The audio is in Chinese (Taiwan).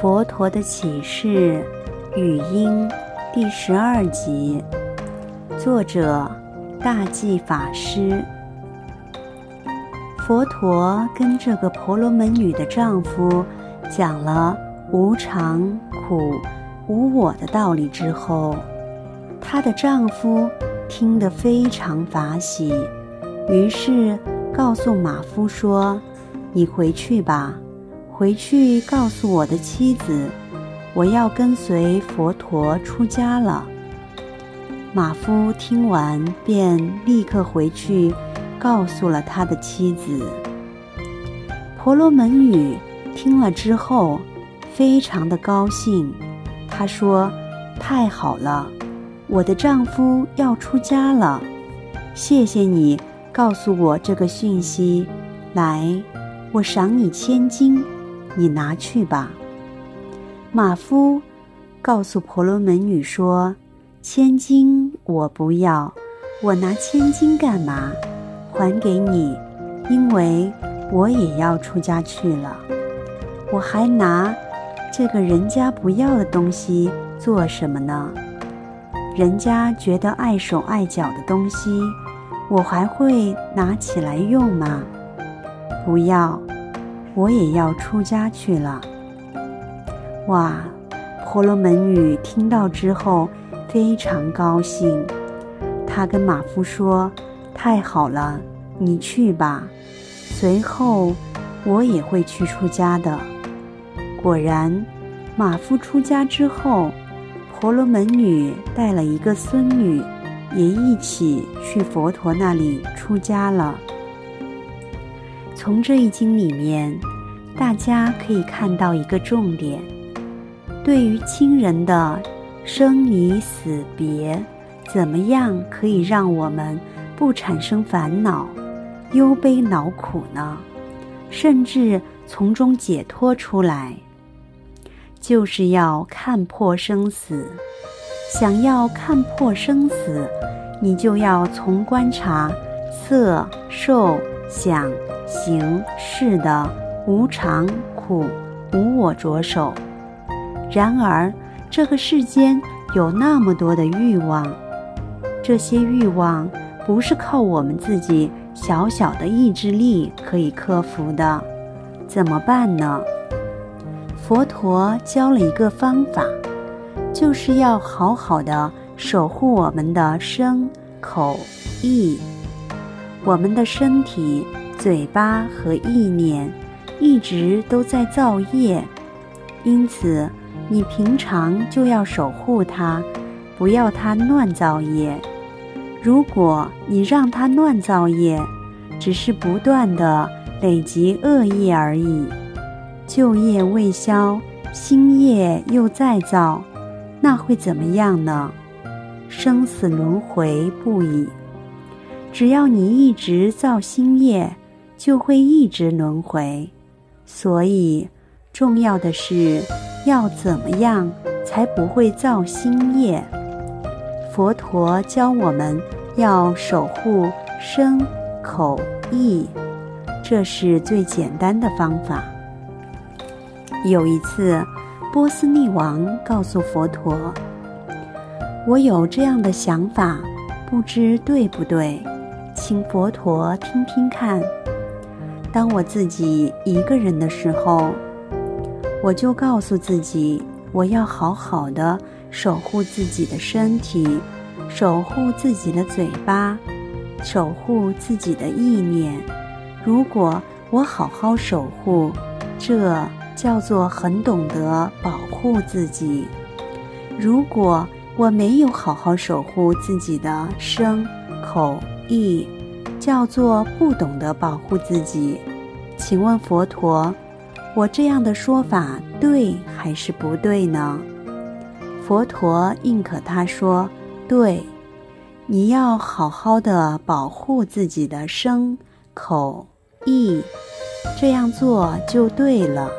佛陀的啟示語音，第十二集，作者大寂法師。佛陀跟這個婆羅門女的丈夫講了無常、苦、無我的道理之後，她的丈夫聽得非常法喜，於是告訴馬夫說：“你回去吧。”回去告訴我的妻子，我要跟隨佛陀出家了。馬夫聽完便立刻回去，告訴了他的妻子。婆羅門女聽了之後，非常的高興。她說：“太好了，我的丈夫要出家了。謝謝你告訴我這個訊息。來，我賞你千金。”你拿去吧。馬夫告訴婆羅門女說：“千金我不要，我拿千金幹嘛？還給你，因為我也要出家去了。我還拿這個人家不要的東西做什麼呢？人家覺得礙手礙腳的東西，我還會拿起來用嗎？不要。”我也要出家去了。哇，婆羅門女聽到之後非常高興，她跟馬夫說：“太好了，你去吧。”隨後我也會去出家的。果然，馬夫出家之後，婆羅門女帶了一個孫女，也一起去佛陀那裡出家了。從這一經裡面，大家可以看到一個重點：對於親人的生離死別，怎麼樣可以讓我們不產生煩惱、憂悲惱苦呢？甚至從中解脫出來，就是要看破生死。想要看破生死，你就要從觀察色、受、想。行是的、無常、苦、無我着手。然而，這個世間有那麼多的欲望，這些欲望不是靠我們自己小小的意志力可以克服的。怎麼辦呢？佛陀教了一個方法，就是要好好的守護我們的身、口、意，我們的身體。嘴巴和意念一直都在造業，因此你平常就要守護它，不要它亂造業。如果你讓它亂造業，只是不斷的累積惡業而已，舊業未消，新業又再造，那會怎麼樣呢？生死輪迴不已。只要你一直造新業。就會一直輪迴，所以重要的是要怎麼樣才不會造新業？佛陀教我們要守護身、口、意，這是最簡單的方法。有一次，波斯匿王告訴佛陀：“我有這樣的想法，不知對不對，請佛陀聽聽看。”當我自己一個人的時候，我就告訴自己，我要好好的守護自己的身體，守護自己的嘴巴，守護自己的意念。如果我好好守護，這叫做很懂得保護自己。如果我沒有好好守護自己的身、口、意，叫做不懂得保護自己，請問佛陀，我這樣的說法對還是不對呢？佛陀認可他說：“對，你要好好的保護自己的身口、意，這樣做就對了。”